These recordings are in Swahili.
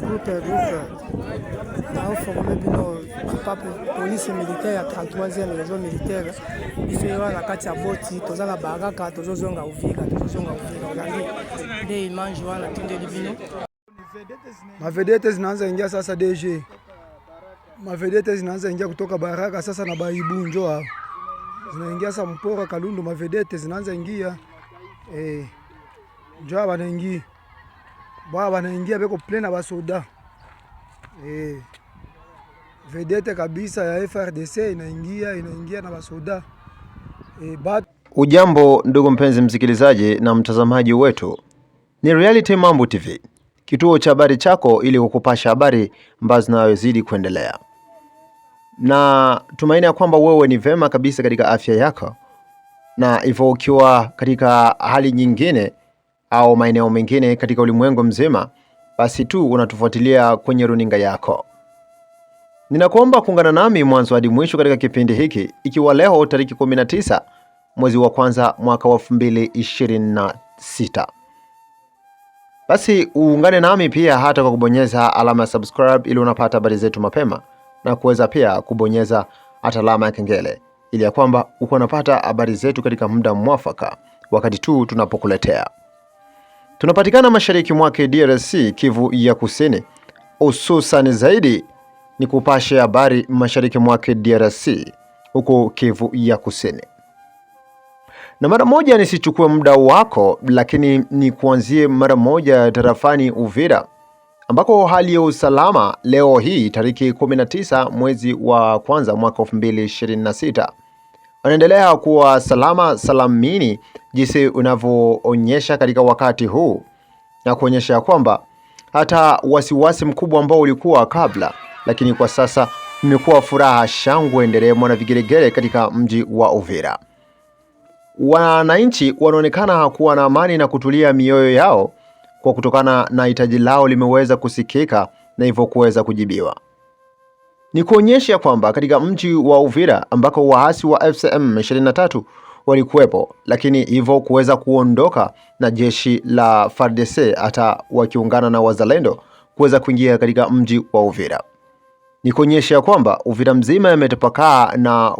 groupe, groupe. Nous avons formé la police militaire, 33e région militaire. Nous sommes à Katia Boti, nous sommes Baraka, nous sommes à Uvika, nous sommes à Uvika. Aujourd'hui, dès dimanche, nous avons tout de l'Ibino. Ma vedete zinaanza ingia sasa DG. Ma vedete zinaanza ingia kutoka Baraka sasa na Baibu njo hao. Ah. Zinaingia sasa Mpora Kalundu mavedete vedete zinaanza ingia. Eh. Njo hao ah, wanaingia bwana banaingia beko plena basoda eh, vedete kabisa ya FRDC inaingia inaingia na basoda eh, bat... Ujambo ndugu mpenzi msikilizaji na mtazamaji wetu, ni Reality Mambo TV, kituo cha habari chako ili kukupasha habari ambazo zinazozidi kuendelea, na tumaini ya kwamba wewe ni vema kabisa katika afya yako, na hivyo ukiwa katika hali nyingine au maeneo mengine katika ulimwengu mzima, basi tu unatufuatilia kwenye runinga yako. Ninakuomba kuungana nami mwanzo hadi mwisho katika kipindi hiki, ikiwa leo tariki 19 mwezi wa kwanza mwaka wa 2026. Basi uungane nami pia hata kwa kubonyeza alama ya subscribe ili unapata habari zetu mapema na kuweza pia kubonyeza hata alama ya kengele ili ya kwamba uko unapata habari zetu katika muda mwafaka wakati tu tunapokuletea. Tunapatikana mashariki mwake DRC, Kivu ya Kusini, hususani zaidi ni kupashe habari mashariki mwake DRC huko Kivu ya Kusini. Na mara moja nisichukue muda wako, lakini ni kuanzie mara moja tarafani Uvira ambako hali ya usalama leo hii tariki 19 mwezi wa kwanza mwaka 2026 unaendelea kuwa salama salamini jinsi unavyoonyesha katika wakati huu na kuonyesha kwamba hata wasiwasi mkubwa ambao ulikuwa kabla, lakini kwa sasa imekuwa furaha, shangwe, nderemo na vigelegele katika mji wa Uvira. Wananchi wanaonekana kuwa na amani na kutulia mioyo yao kwa kutokana na hitaji lao limeweza kusikika na hivyo kuweza kujibiwa ni kuonyesha kwamba katika mji wa Uvira ambako waasi wa FCM 23 walikuwepo, lakini hivyo kuweza kuondoka na jeshi la FARDC hata wakiungana na wazalendo kuweza kuingia katika mji wa Uvira. Ni kuonyesha kwamba Uvira mzima yametapakaa na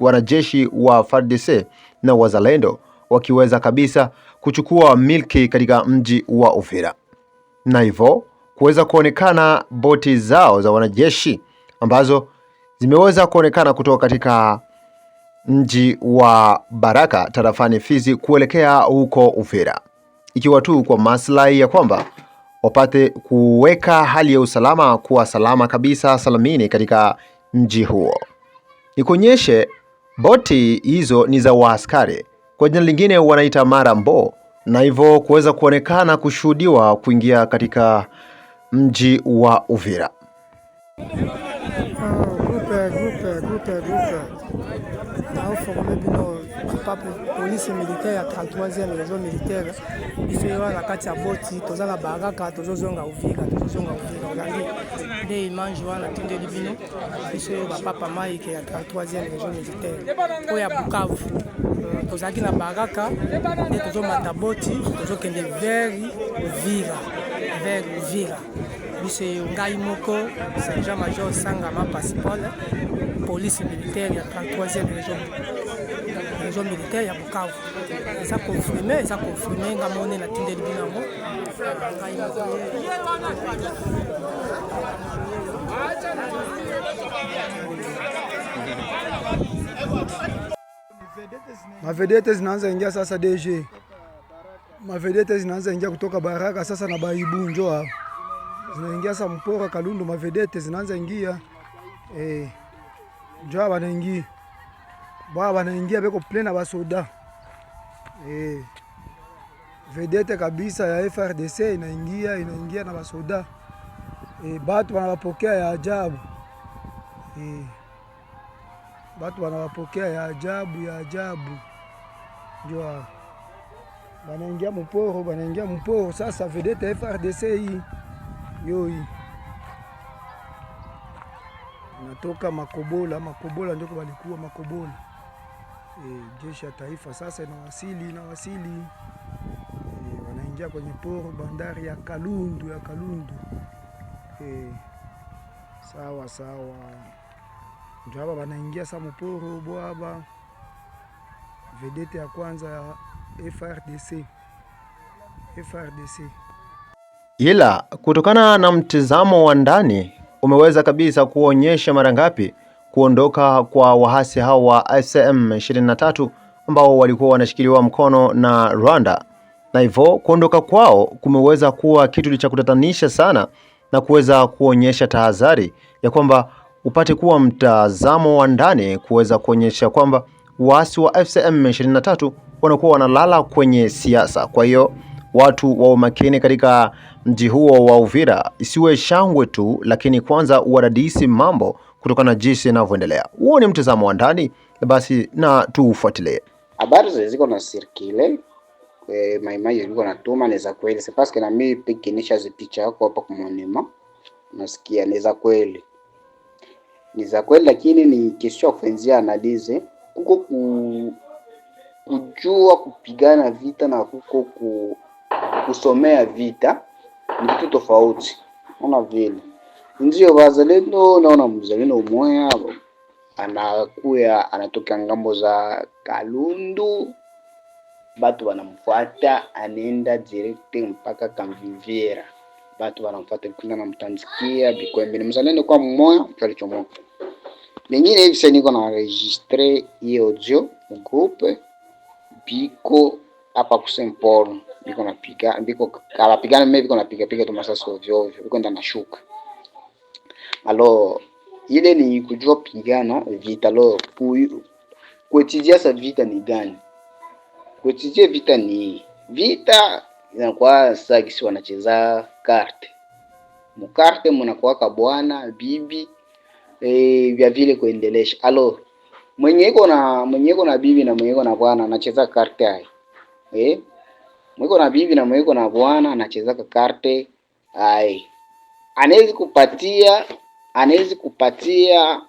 wanajeshi wa FARDC na wazalendo wakiweza kabisa kuchukua milki katika mji wa Uvira, na hivyo kuweza kuonekana boti zao za wanajeshi ambazo zimeweza kuonekana kutoka katika mji wa Baraka tarafani Fizi kuelekea huko Uvira, ikiwa tu kwa maslahi ya kwamba wapate kuweka hali ya usalama kuwa salama kabisa salamini katika mji huo. Nikuonyeshe boti hizo ni za waaskari, kwa jina lingine wanaita mara mbo na hivyo kuweza kuonekana kushuhudiwa kuingia katika mji wa Uvira. Ah, groupe groupe groupe groupe nao forme bino pa polise militaire ya 33e réseau militaire biso oyo na kati ya boti toza na baraka tozozonga ovira tozozonga ovira olangi nde image wana tindeli bino biso oyo bapapa maike ya 33e réseau militaire oyo ya bukavu euh, tozalaki na baraka nde tozomata boti tozokende vers ovira vers ovira biso yo ngai moko sergent major sangama passipole police militaire ya 33e région militaire ya bokavu eza confirme eza confirme nga mone natindeli bino yango ngai moko mavedete zinaanza ingia sasa DG, mavedete zinaanza ingia kutoka Baraka sasa na njo hapo zinaingia sa mpora Kalundu, mavedete zinaanza ingia eh, njoo banaingia baa banaingia beko plena basoda eh, vedete kabisa ya FRDC inaingia inaingia na basoda eh, batu banabapokea ya ajabu eh, batu banabapokea ya ajabu ya ajabu njoo banaingia mporo banaingia mporo sasa vedete FRDC hii Yoi natoka Makobola. Makobola ndio walikuwa Makobola. E, jeshi ya taifa sasa inawasili inawasili, e, wanaingia kwenye poro bandari ya Kalundu ya Kalundu. E, sawa sawa, ndio hapa wanaingia sa muporo bwaba. Vedete ya kwanza ya FRDC FRDC ila kutokana na mtizamo wa ndani umeweza kabisa kuonyesha mara ngapi kuondoka kwa waasi hao wa M23 ambao walikuwa wanashikiliwa mkono na Rwanda, na hivyo kuondoka kwao kumeweza kuwa kitu cha kutatanisha sana na kuweza kuonyesha tahadhari ya kwamba upate kuwa mtazamo wa ndani kuweza kuonyesha kwamba waasi wa FCM 23 wanakuwa wanalala kwenye siasa. Kwa hiyo watu wawe makini katika mji huo wa Uvira, isiwe shangwe tu, lakini kwanza uwadadisi mambo kutokana na jinsi inavyoendelea. Huo ni mtazamo wa ndani, basi na tuufuatilie. Habari ziko na sirkile e, eh, maimaji ziko natuma ni za kweli, si paske na mimi pikinisha zipicha yako hapa kumonima, nasikia ni za kweli, ni za kweli, lakini ni kesho kufenzia analize kuko ku, kujua kupigana vita na kuko ku kusomea vita ni vitu tofauti. Ona vile ndio wazalendo, naona mzalendo umoya anakuya anatoka ngambo za Kalundu, batu wanamfuata, anaenda direct mpaka Kamviviera, batu wanamfuata kuna namtanzikia bikwembe. Ni mzalendo kwa mmoja kalichomoka lingine hivi. Sasa niko na registre hiyo audio mgroupe biko hapa kusemporo viko napiga viko anapigana mimi viko napiga piga tu masasi ovyo ovyo, viko enda nashuka alo. Ile ni kujua pigana vita lo kuetizia sa vita ni gani? Kuetizia vita ni vita inakuwa sasa kisi wanacheza karte mukarte munakuwaka bwana bibi e, vya vile kuendelesha alo mwenye iko na mwenye iko na bibi na mwenye iko na bwana anacheza karte hai eh mwiko na bibi na mwiko na bwana anachezaka karte ai, anawezi kupatia anawezi kupatia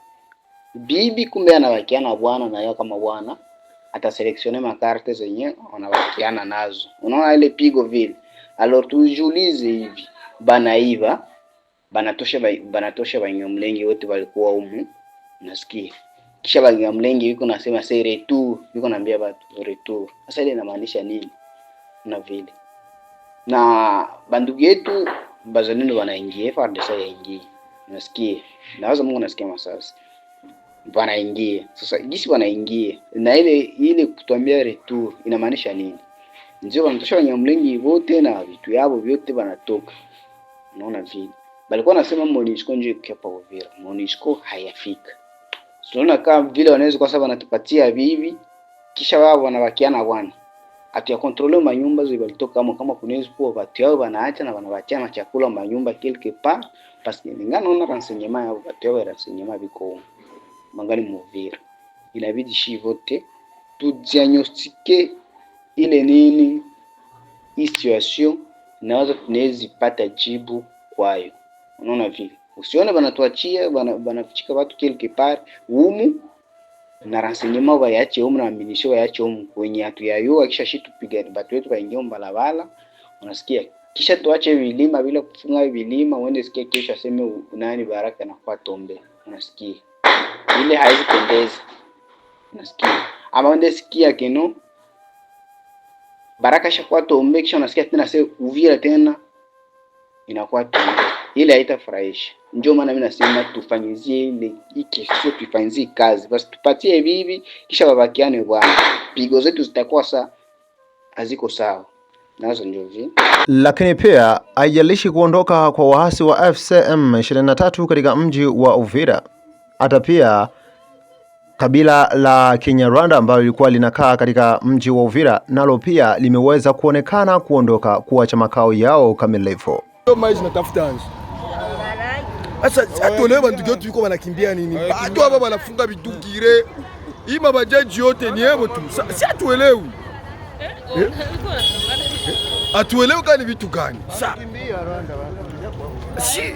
bibi, kumbe anawakiana na bwana na yeye kama bwana ataseleksione makarte zenye anawakiana nazo. Unaona ile pigo vile. Alors tujiulize hivi, bana banaiba banatosha banatosha mlengi wote walikuwa umu, nasikia kisha mlengi yuko nasema se retour, yuko naambia watu retour. Sasa ile inamaanisha nini? na vile na bandugu yetu Bazalendo wanaingia FARDC yaingie, nasikie nawaza Mungu nasikia masasi wanaingia sasa. Jinsi wanaingia na ile ile kutuambia retour inamaanisha nini? Ndio wanatosha Wanyamulenge wote na vitu yao vyote wanatoka. Unaona vile balikuwa nasema MONUSCO nje kwa Uvira, MONUSCO hayafika. Tunaona kama vile wanaweza kwa sababu wanatupatia bibi kisha wao wanabakiana wana hatuyakontrole manyumba zi balitoka mo kama kunezi kuwa batu yao banaacha na banabachia na chakula manyumba quelque part paske ningana ona renseignement yao batu yao renseignement biko mangali Muvira, inabidi shi vote diagnostike ile nini hii na wazo tunawezi pata jibu kwayo. Unaona vile usione banatuachia banafichika bana watu kilke pa umu na rasinyuma bayache umu na waminisho bayache umu wenye atuyayua kisha shi tupigani batu wetu kaingia mbalabala, unasikia kisha tuache vilima bila kufunga vilima, uende sikia kesho aseme nani Baraka na kwa Tombe, unasikia ile haizi pendeza, unasikia ama uende sikia keno Baraka sha kwa Tombe, kisha unasikia tena se Uvira tena inakuwa Tombe, ile haitafurahisha. Ndio maana mimi nasema tufanyizie ile iki sio tufanyizie kazi, basi tupatie bibi kisha babakiane bwana, pigo zetu zitakuwa sa haziko sawa nazo ndio hivi. Lakini pia haijalishi kuondoka kwa waasi wa FCM 23 katika mji wa Uvira, hata pia kabila la Kinyarwanda ambalo lilikuwa linakaa katika mji wa Uvira nalo pia limeweza kuonekana kuondoka kuacha makao yao kamilifu. Maji sasa hata ah leo bantu wetu yuko wanakimbia nini? Watu ah hapa wanafunga bitukire. Hii mabajaji yote ni hebo tu. Si hatuelewi. Hatuelewi eh, oh, eh, kani vitu gani? Si. Eh,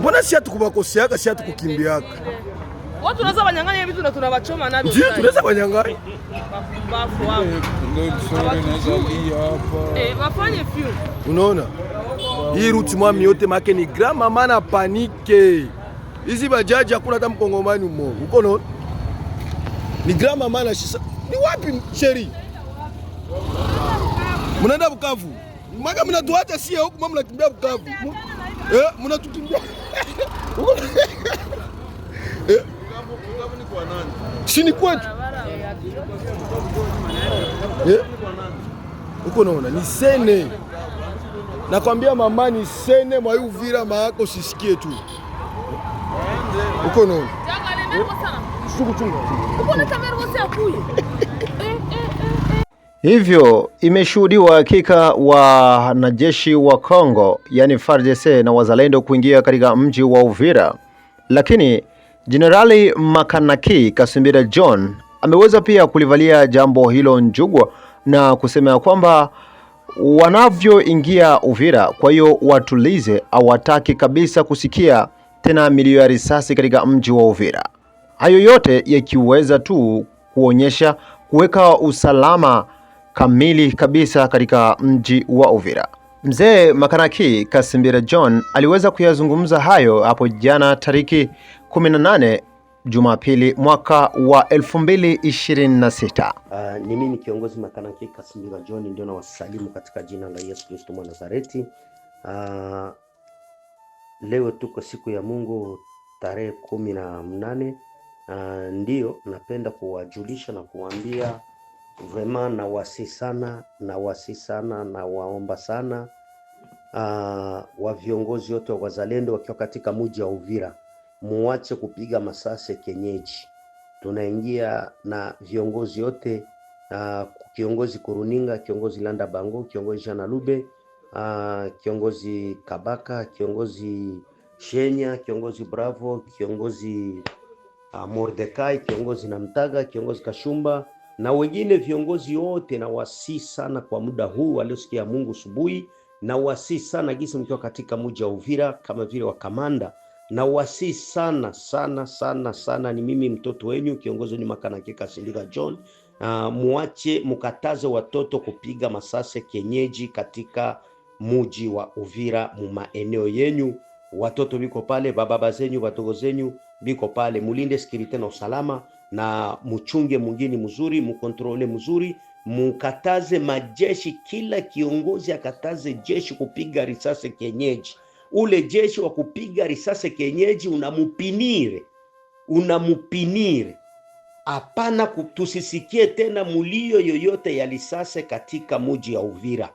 mbona si hatukubakoseaka, si hatukukimbiaka. Watu tunaweza wanyang'anya vitu na tunawachoma navyo. Ndio tunaweza wanyang'anya. Unaona? Hii ruti mwami yote make ni grandmama na panike. Hizi bajaji hakuna hata mkongomani mmoja. Uko no? Ni grandmama na shisa. Ni wapi sheri? Mnaenda Bukavu. Maka mnatuacha sie huku mama mnakimbia Bukavu. Eh, mnatukimbia. Eh. Si ni kwetu. Eh? naona ni sene nakwambia ni sene mwa Uvira maako sisikie tu uko nini hivyo imeshuhudiwa hakika wanajeshi wa Kongo yani FARDC na wazalendo kuingia katika mji wa Uvira, lakini Jenerali Makanaki kasimbira John ameweza pia kulivalia jambo hilo njugwa na kusema ya kwamba wanavyoingia Uvira. Kwa hiyo watulize, hawataki kabisa kusikia tena milio ya risasi katika mji wa Uvira. Hayo yote yakiweza tu kuonyesha kuweka usalama kamili kabisa katika mji wa Uvira. Mzee Makanaki Kasimbira John aliweza kuyazungumza hayo hapo jana tariki 18 Jumapili mwaka wa 2026. Uh, ah, ni mimi kiongozi Makanaki Kasimira John ndio na wasalimu katika jina la Yesu Kristo mwa Nazareti. Uh, ah, leo tuko siku ya Mungu tarehe kumi na mnane. Uh, ndio napenda kuwajulisha na kuwaambia vema, na wasi sana na wasi sana na waomba sana uh, wa viongozi wote wa wazalendo wakiwa katika mji wa Uvira muache kupiga masase kenyeji kienyeji. Tunaingia na viongozi yote uh, kiongozi Kuruninga, kiongozi Landa Bango, kiongozi Jana Lube, uh, ah, kiongozi Kabaka, kiongozi Shenya, kiongozi Bravo, kiongozi uh, ah, Mordekai, kiongozi Namtaga, kiongozi Kashumba na wengine viongozi wote, na wasi sana kwa muda huu waliosikia Mungu subuhi, na wasi sana gisi mkiwa katika mji wa Uvira kama vile wakamanda na wasi sana sana sana sana, ni mimi mtoto wenyu kiongozi ni Makanakika Sindika John. Uh, muache mukataze watoto kupiga masase kienyeji katika muji wa Uvira, mu maeneo yenyu watoto biko pale, bababa zenyu watogo zenyu biko pale, mulinde sekurite na usalama, na muchunge mungini mzuri, mukontrole mzuri, mukataze majeshi, kila kiongozi akataze jeshi kupiga risase kienyeji ule jeshi wa kupiga risasi kienyeji unamupinire, unamupinire. Hapana, tusisikie tena mulio yoyote ya lisase katika muji ya Uvira,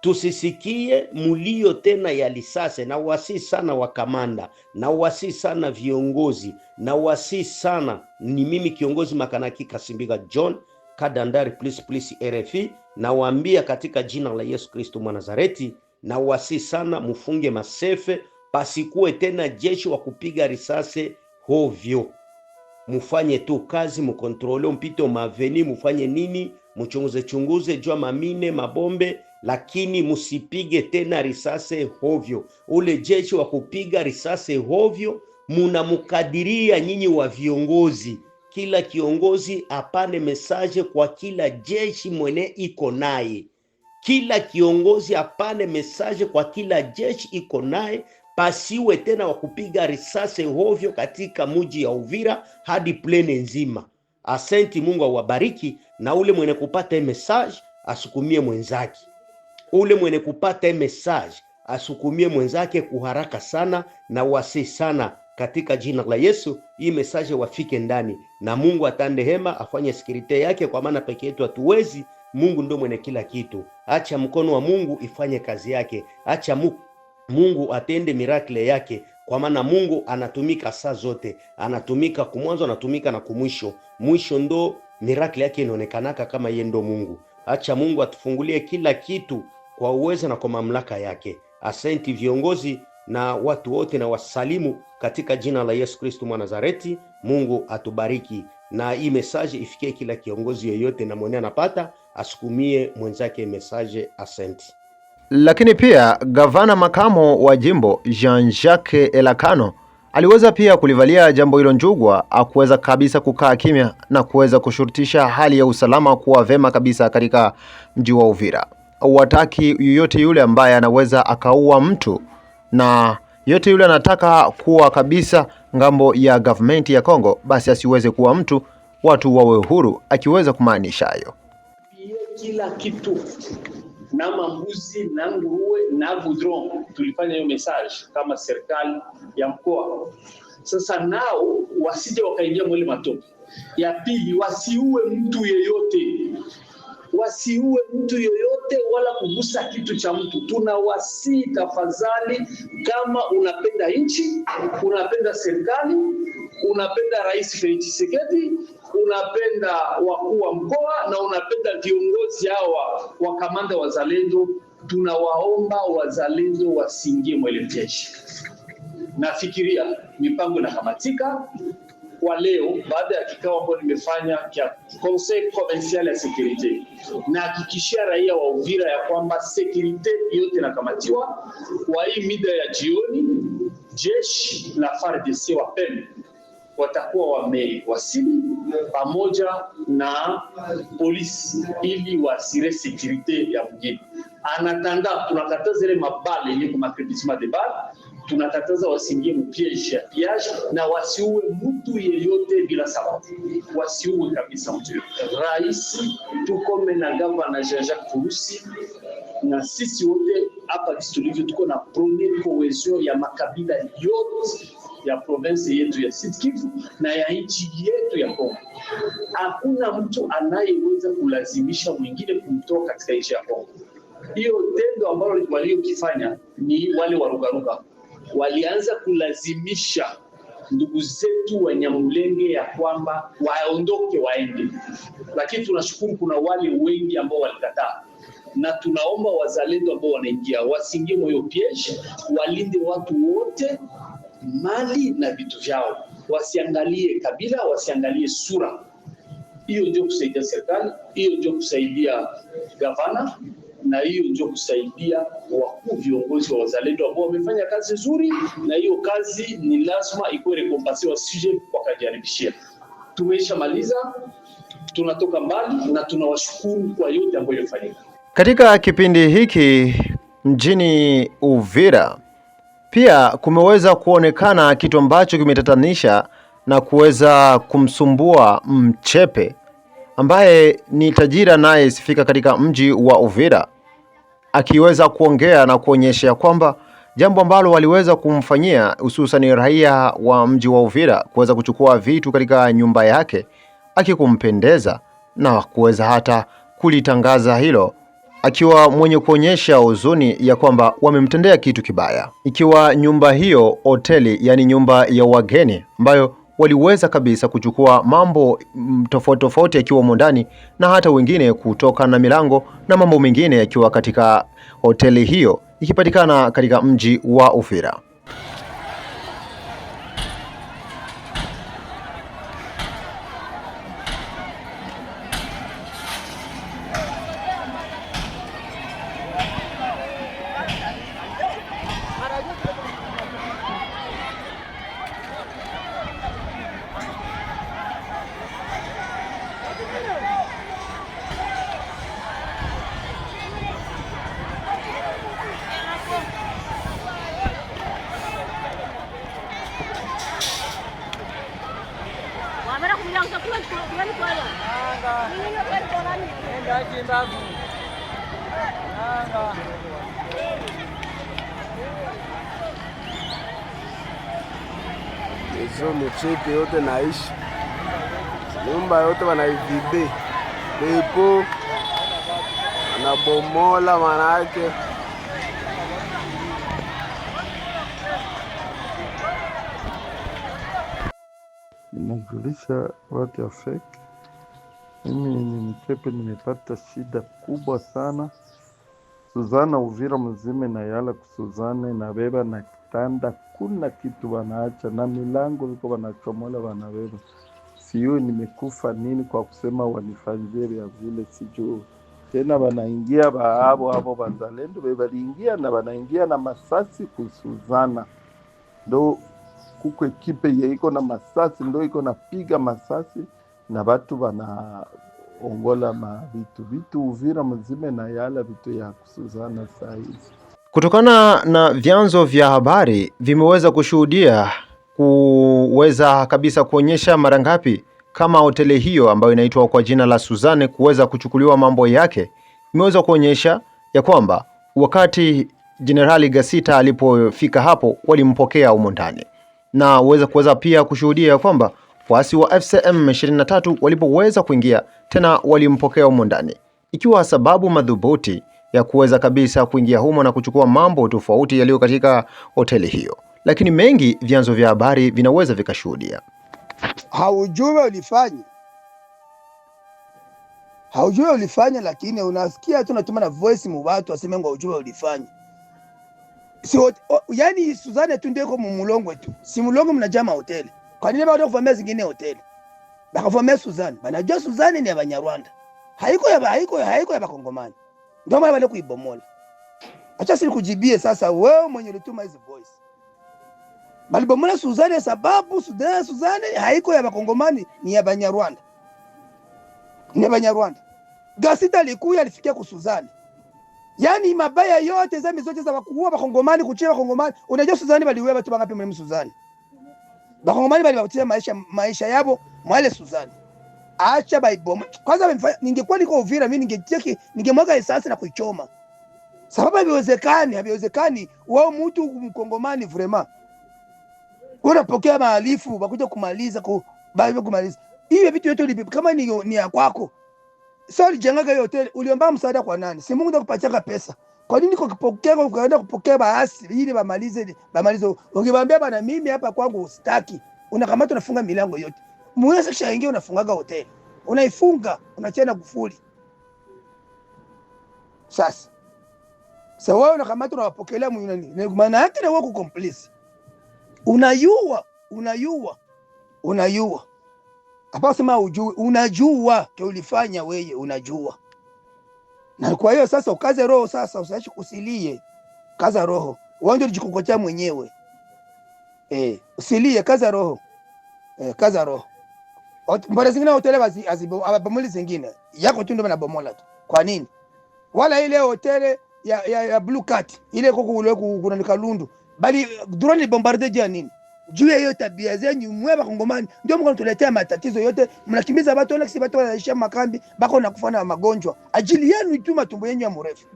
tusisikie mulio tena ya lisase. Na wasi sana wakamanda, na wasi sana viongozi, na wasi sana ni mimi kiongozi Makanaki Kasimbiga John Kadandari, please please RFI, nawaambia katika jina la Yesu mwa nazareti na wasi sana, mufunge masefe, pasikuwe tena jeshi wa kupiga risasi hovyo. Mufanye tu kazi, mukontrole mpito maveni, mufanye nini, muchunguze chunguze jua mamine mabombe, lakini musipige tena risasi hovyo. Ule jeshi wa kupiga risasi hovyo munamukadiria nyinyi wa viongozi kila kiongozi apane mesaje kwa kila jeshi mwene iko naye. Kila kiongozi apane mesaje kwa kila jeshi iko naye, pasiwe tena wa kupiga risasi hovyo katika muji ya Uvira hadi plene nzima. Asenti, Mungu awabariki, na ule mwenye kupata message asukumie mwenzake, ule mwenye kupata message asukumie mwenzake kuharaka sana na wasi sana, katika jina la Yesu, hii message wafike ndani, na Mungu atande hema afanye sekurite yake, kwa maana peke yetu hatuwezi Mungu ndio mwenye kila kitu. Acha mkono wa Mungu ifanye kazi yake, acha Mungu atende mirakle yake, kwa maana Mungu anatumika saa zote, anatumika kumwanzo, anatumika na kumwisho. Mwisho ndo mirakle yake inaonekanaka kama yeye ndo Mungu. Acha Mungu atufungulie kila kitu kwa uwezo na kwa mamlaka yake. Asenti viongozi na watu wote, na wasalimu katika jina la Yesu kristu mwa Nazareti. Mungu atubariki, na hii mesaje ifikie kila kiongozi yoyote na mwenye anapata asukumie mwenzake message asenti. Lakini pia gavana makamo wa jimbo Jean-Jacques Elakano aliweza pia kulivalia jambo hilo Njugwa akuweza kabisa kukaa kimya na kuweza kushurutisha hali ya usalama kuwa vema kabisa katika mji wa Uvira. Wataki yoyote yule ambaye anaweza akaua mtu na yote yule anataka kuwa kabisa ngambo ya government ya Kongo, basi asiweze kuwa mtu, watu wawe huru, akiweza kumaanisha hayo kila kitu na mambuzi na nguruwe na gudron. Tulifanya hiyo message kama serikali ya mkoa. Sasa nao wasije wakaingia mwele matope. Ya pili, wasiue mtu yeyote, wasiue mtu yeyote wala kugusa kitu cha mtu. Tunawasii tafadhali, kama unapenda nchi, unapenda serikali, unapenda Rais Felix Tshisekedi unapenda wakuu wa mkoa na unapenda viongozi hawa wa kamanda wazalendo. Tunawaomba wazalendo wasiingie mwelekezi. Nafikiria mipango inakamatika kwa leo, baada ya kikao ambayo nimefanya kya Conseil Provincial ya Securite, nahakikishia raia wa Uvira ya kwamba securite yote inakamatiwa kwa hii mida ya jioni, jeshi la FARDC wapeme watakuwa wamewasili pamoja na polisi ili wasire sekurite ya mgini. Anatanda tunakataza ile mabale ile kwa makredisme de bal, tunakataza wasingie mpiege ya piage na wasiue mtu yeyote bila sababu, wasiue kabisa mtu. Rais tukome na gavana Jean-Jacques Purusi na sisi wote hapa kisitulivyo, tuko na premier cohesion ya makabila yote ya provinsi yetu ya Sud Kivu na ya nchi yetu ya Kongo. Hakuna mtu anayeweza kulazimisha mwingine kumtoa katika nchi ya Kongo. Hiyo tendo ambalo waliokifanya ni wale warugaruga, walianza kulazimisha ndugu zetu wa Nyamulenge ya kwamba waondoke waende, lakini tunashukuru kuna wale wengi ambao walikataa, na tunaomba wazalendo ambao wanaingia wasiingie moyo pieshi, walinde watu wote mali na vitu vyao, wasiangalie kabila, wasiangalie sura. Hiyo ndio kusaidia serikali, hiyo ndio kusaidia gavana, na hiyo ndio kusaidia wakuu viongozi wa wazalendo ambao wamefanya kazi nzuri, na hiyo kazi ni lazima ikuwe rekompansiwa, sije wakajaribishia. Tumeisha maliza, tunatoka mbali na tunawashukuru kwa yote ambayo yamefanyika katika kipindi hiki mjini Uvira. Pia kumeweza kuonekana kitu ambacho kimetatanisha na kuweza kumsumbua Mchepe ambaye ni tajira naye sifika katika mji wa Uvira, akiweza kuongea na kuonyesha kwamba jambo ambalo waliweza kumfanyia hususan raia wa mji wa Uvira kuweza kuchukua vitu katika nyumba yake akikumpendeza na kuweza hata kulitangaza hilo akiwa mwenye kuonyesha huzuni ya kwamba wamemtendea kitu kibaya, ikiwa nyumba hiyo hoteli, yani nyumba ya wageni ambayo waliweza kabisa kuchukua mambo mm, tofauti tofauti yakiwamo ndani na hata wengine kutoka na milango na mambo mengine yakiwa katika hoteli hiyo ikipatikana katika mji wa Ufira. hizo mucheke yote naishi nyumba yote wanaivibe depo wanabomola, manake nimejulisha watu ya feki. Mimi ni mchepe, nimepata shida kubwa sana Suzana Uvira mzime na yala kusuzane na beba na tanda, kuna kitu wanaacha na milango viko wanachomola wanaweza Sijui nimekufa nini kwa kusema wanifanyie vya vile, sijui tena. Wanaingia baabo hapo wazalendo waliingia na wanaingia na masasi kusuzana, ndo kuko ekipe ye iko na masasi ndo iko napiga masasi na watu wanaongola ma vitu vitu Uvira mzime na yala vitu ya kusuzana saa hizi kutokana na vyanzo vya habari vimeweza kushuhudia kuweza kabisa kuonyesha mara ngapi kama hoteli hiyo ambayo inaitwa kwa jina la Suzane kuweza kuchukuliwa mambo yake, imeweza kuonyesha ya kwamba wakati Jenerali Gasita alipofika hapo walimpokea humo ndani, na uweza kuweza pia kushuhudia ya kwamba waasi wa FCM 23 walipoweza kuingia tena walimpokea humo ndani, ikiwa sababu madhubuti ya kuweza kabisa kuingia humo na kuchukua mambo tofauti yaliyo katika hoteli hiyo, lakini mengi vyanzo vya habari vinaweza vikashuhudia. Haujui ulifanya, haujui ulifanya, lakini unasikia tu natuma na voice mu watu waseme ngo haujui ulifanya. Si yani Suzane tu ndio kwa mumulongo tu, si mulongo mnajama hoteli. Kwa nini bado kuvamia zingine hoteli? Bakavamia Suzane, banajua Suzane ni ya Banyarwanda, haiko ya haiko haiko ya Bakongomani. Ndio maana wale kuibomola. Acha sisi kujibie sasa, wewe mwenye ulituma hizo voice. Balibomola Suzane sababu Suzane Suzane haiko ya Bakongomani, ni ya Banyarwanda. Ni ya Banyarwanda. Gasita likuya alifikia ku Suzane. Yaani mabaya yote zame zote za wakuua Bakongomani, kuchia Bakongomani. Unajua Suzane baliuwa watu bangapi mwenye Suzane? Bakongomani bali balibatia maisha maisha yabo mwale Suzane acha baibomu kwanza. Ningekuwa niko Uvira mimi ningecheki, ningemwaga esasi na kuichoma, sababu haviwezekani, haviwezekani wao mtu mkongomani vrema unapokea maalifu bakuja kumaliza ku baada kumaliza hiyo vitu yote ulipi, kama ni ni ya kwako sio, ulijengaga hiyo hoteli, uliomba msaada kwa nani? Si Mungu ndakupatia pesa. Kwa nini kupokea kwa ukaenda kupokea baasi ili bamalize bamalize? Ungebambia bana, mimi hapa kwangu sitaki, unakamata unafunga milango yote muhimu. Section nyingine unafungaga hoteli, unaifunga unachia na kufuli. Sasa sasa wewe unakamata unawapokelea mwenye, maana yake na wako kukomplice, unayua unayua unayua hapa, sema ujui, unajua ulifanya weye, unajua na kwa hiyo sasa ukaze roho sasa, usiache kusilie, kaza roho. Wewe ndio unajikokotea mwenyewe eh, usilie, kaza roho eh, kaza roho mbona zingine hoteli ababomoli zingine yako tu ndio banabomola tu. Kwa nini? Wala ile hoteli ya, ya, ya Blue Cat ile koko ule kuna nikalundu bali uh, drone bombarde je nini? Juu ya hiyo tabia zenyu mwe bakongomani ndio mko tuletea matatizo yote, mnakimbiza watu wala kisi watu wanaisha makambi bako na kufana magonjwa. Ajili yenu tu matumbo yenu ya mrefu.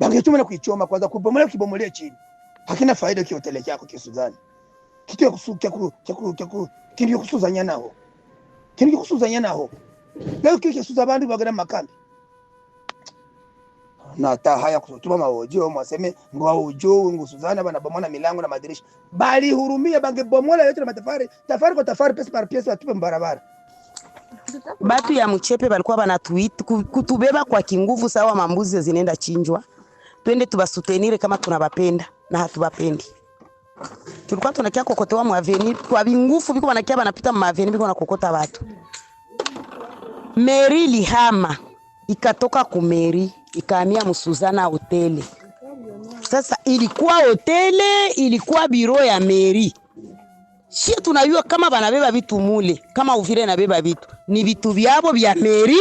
Bangetuma na kuichoma kwanza kubomolea kibomolea chini. Hakina faida kihoteli yako kisudani kitu kintu kusuzanya nabo kintu kusuzanya nabo leo kiki bandi bagana bagenda na ta haya kutuma maojo mwaseme ngo ujo ngo suzana bana bomona milango na madirisha bali hurumia bange bomola yote na matafari tafari kwa tafari pesa par pesa atupe mbarabara batu ya mchepe balikuwa bana tweet kutubeba kwa kinguvu sawa mambuzi zinaenda chinjwa twende tubasutenire kama tunabapenda na hatubapendi tulikuwa tunakia kokotewa mwaveni kwa vingufu biko wanakia wanapita mwaveni biko wanakokota watu. Meri lihama ikatoka kumeri ikahamia msuzana hoteli. Sasa ilikuwa hoteli, ilikuwa biro ya meri. Sisi tunajua kama banabeba vitu mule, kama Uvira inabeba vitu ni vitu vyabo vya meri,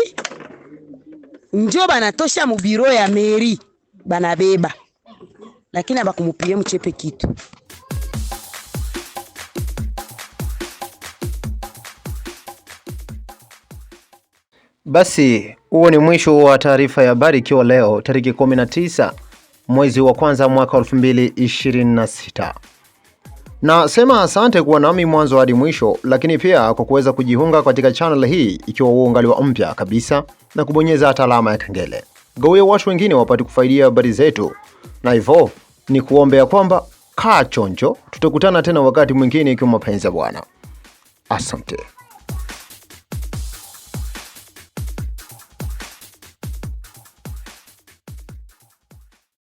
njo banatosha mubiro ya meri banabeba, lakini abakumupie mchepe kitu Basi huo ni mwisho wa taarifa ya habari, ikiwa leo tariki 19 mwezi wa kwanza mwaka 2026. Nasema asante kuwa nami mwanzo hadi mwisho, lakini pia kwa kuweza kujiunga katika channel hii ikiwa uungaliwa ungaliwa mpya kabisa na kubonyeza hata alama ya kengele, gawia watu wengine wapate kufaidia habari zetu, na hivyo ni kuombea kwamba kaa chonjo, tutakutana tena wakati mwingine ikiwa mapenzi ya Bwana. Asante.